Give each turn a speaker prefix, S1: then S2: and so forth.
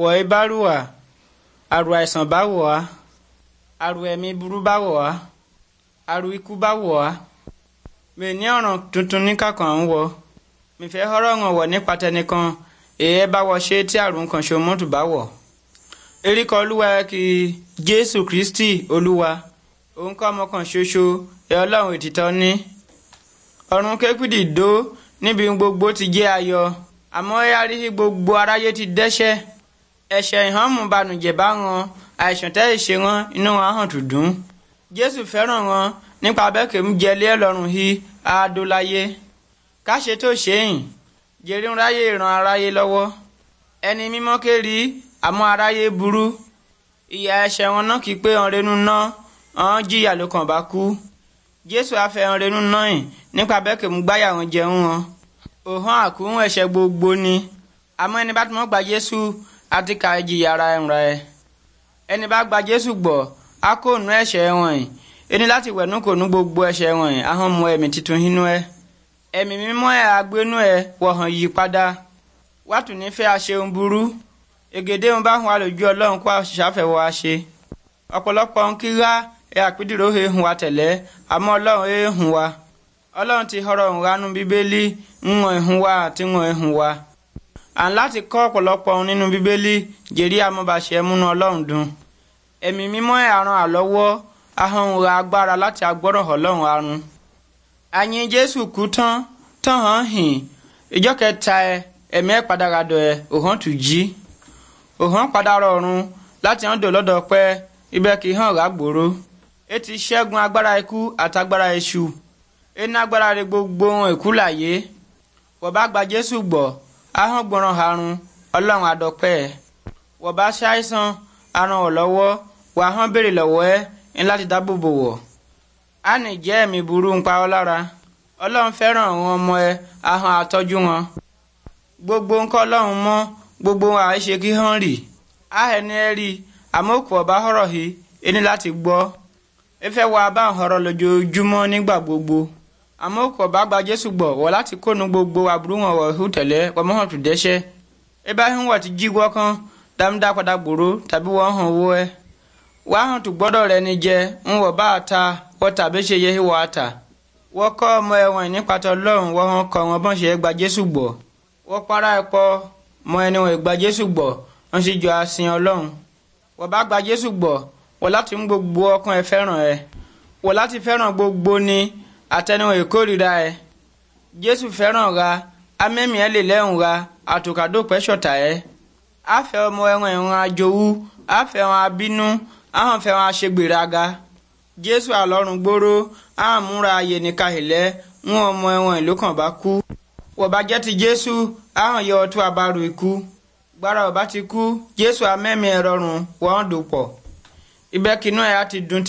S1: wọ̀ ẹ́ bá rù wá àrù àìsàn bá wọ̀ wá àrù ẹ̀mí burú bá wọ̀ wá àrù ikú bá wọ̀ wá mi ní ọ̀ràn tuntun ní kàkàn ń wọ mi fẹ́ ọ̀rọ̀ ọ̀ràn wọ̀ nípa tẹnìkan èyí ẹ bá wọ ṣe tí àrùn kan ṣe mọ́tò bá wọ̀ erékọ olúwa kí jésù kristi olúwa òun kọ́ ọmọ kan ṣoṣo ẹ ọlọ́run ètìtọ́ ní ọ̀run képìdì dó níbi gbogbo ti jẹ́ ayọ̀ àmọ́ ẹ arí gbogbo aráyé ti dẹ́ṣẹ̀ ẹ̀ṣẹ̀ ìhànmú banújẹ́ bá wọn àìsàn tẹ́ ìṣe wọn inú wọn hàn dùdùn jésù fẹ́ràn wọn nípa abẹ́kẹ̀mú jẹlé ẹlọ́run hí adólayé káṣe tó ṣéyìn jèrè ń ráyè ràn aráyé lọ́wọ́ ẹni mímọ́ kéri àmọ́ aráyé burú ìyà ẹ̀ṣẹ̀ wọn náà kí pé ọ̀rẹ́nu náà ọ̀hún jìyà ló kàn bá kú jésù afẹ́hàn rẹ́nu náà yìn nípa abẹ́kẹ̀mú gbáyà wọn jẹun wọn òhàn àkúhùn ẹ̀ṣẹ̀ gbogbo ni àmọ́ ẹni bá ti mọ́ gba jésù àti ka ìjì yàrá ẹ̀rọ ẹ̀. ẹni bá gba jésù gbọ́ a kò nu ẹ̀ṣẹ̀ wọ̀nyí ẹni láti wẹ̀nu kò nu gbogbo ẹ̀ṣẹ̀ wọ̀nyí ahọ́n mu ẹ̀mí tuntun inú ẹ̀. ẹ̀mí mímọ́ ẹ̀ agbénú ẹ̀ wọ̀hàn yí padà wàtú nífẹ̀ẹ́ aṣeun burú ègèdè ń bá hun alòjú ọlọ́run kó àṣàfẹ́wọ́ aṣe ọ̀pọ̀lọpọ̀ ń kíra ẹ̀ àpídìrò ẹ̀ hùn wa tẹ̀lẹ́ àmọ́ ọlọ́run ẹ̀ hùn wa ọlọ́run ti họrọ̀ ń ranú bíbélì ń wọ̀n ẹ̀hún wa àti wọ̀n ẹ̀hún wa à ń láti kọ́ ọ̀pọ̀lọpọ̀ ohun nínú bíbélì jèrí amúbaṣẹ́ múnú ọlọ́run dùn ẹ̀mí mímọ́ àrùn àlọ́wọ́ ahọ́n ra agbára láti agbọ́rọ̀ ọlọ́run arun àyìn jésù kú tán tán hàn hìn ìjọ kẹta ẹ ẹ̀mí ẹ̀ padà radọ̀ ẹ òhàn tù jí òhàn padà rọrùn láti hàn dò lọ́dọ̀ pẹ́ ibẹ̀ kì í hàn rà e ti ṣẹ́gun agbára ikú àtagbára èṣù e agbára rẹ gbogbo ohun èkú ahọ́n gbọ́ràn harun ọlọ́run àdọ́pẹ́ ẹ̀ wọ́n bá ṣàìsàn aràn ọ̀ lọ́wọ́ wà hàn béèrè lọ́wọ́ ẹ̀ ń láti dáàbò bò wọ̀ á nì jẹ́ ẹ̀mí burú ń pa ọ́ lára ọlọ́run fẹ́ràn àwọn ọmọ ẹ̀ ahọ́n àtọ́jú wọn gbogbo ńkọ́ ọlọ́run mọ́ gbogbo wọn àìṣe kí hàn rì á ẹni ẹ rí àmókù ọba ọ̀rọ̀ yìí ẹni láti gbọ́ ẹ fẹ́ wọ abáhùn lójoojúmọ́ nígbà gbogbo àmọ́ kò bá gba Jésù gbọ̀wọ́ láti kónu gbogbo aburú wọn wọ̀ hù tẹ̀lé kọ́mọ́hàn tó dẹ́ṣẹ̀ ibrahim wọ̀ ti jíwọ́ kan dáńdá padà gbòòrò tàbí wọ́n hàn wọ́ ẹ wàá hàn tó gbọ́dọ̀ rẹ ni jẹ ń wọ̀ bá a ta wọ́n tàbí ṣe yẹ wọ́ a ta wọ́n kọ́ ọmọ ẹ̀wọ̀n nípasẹ̀ ọlọ́run wọ́n hàn kọ́ wọn bọ́n ṣe gba Jésù gbọ̀ wọ́n para ẹ̀pọ̀ mọ ẹni wọn gba Jésù gbọ̀ ń sì jọ àsìn ọlọ́run wọ́n bá gba Jésù gbọ̀ wọ́n láti mú gbogbo ọkàn ẹ fẹ́ràn ẹ wọ́n láti fẹ́ràn gbogbo ni àtẹnuhàn ìkórìíra ẹ jésù fẹ́ràn ra amẹ́mí ẹ lè lẹ́hùn ra àtòkàdópẹ́ ṣọ̀tà ẹ e. àfẹ́ ọmọ ẹran ìran ajowú àfẹ́ wọn abínú àwọn fẹ́ wọn aṣègbèraga jésù àlọ́run gbóró àwọn múra ayé nìka ìlẹ́ wọn ọmọ bá kú wọ̀bá ti jésù àwọn yọ ọtún àbárò ikú gbára ọba ti kú jésù amẹ́mí ẹ e rọrùn wọ́n dòpọ̀ ìbẹ́kinú ẹ̀ e á ti dùn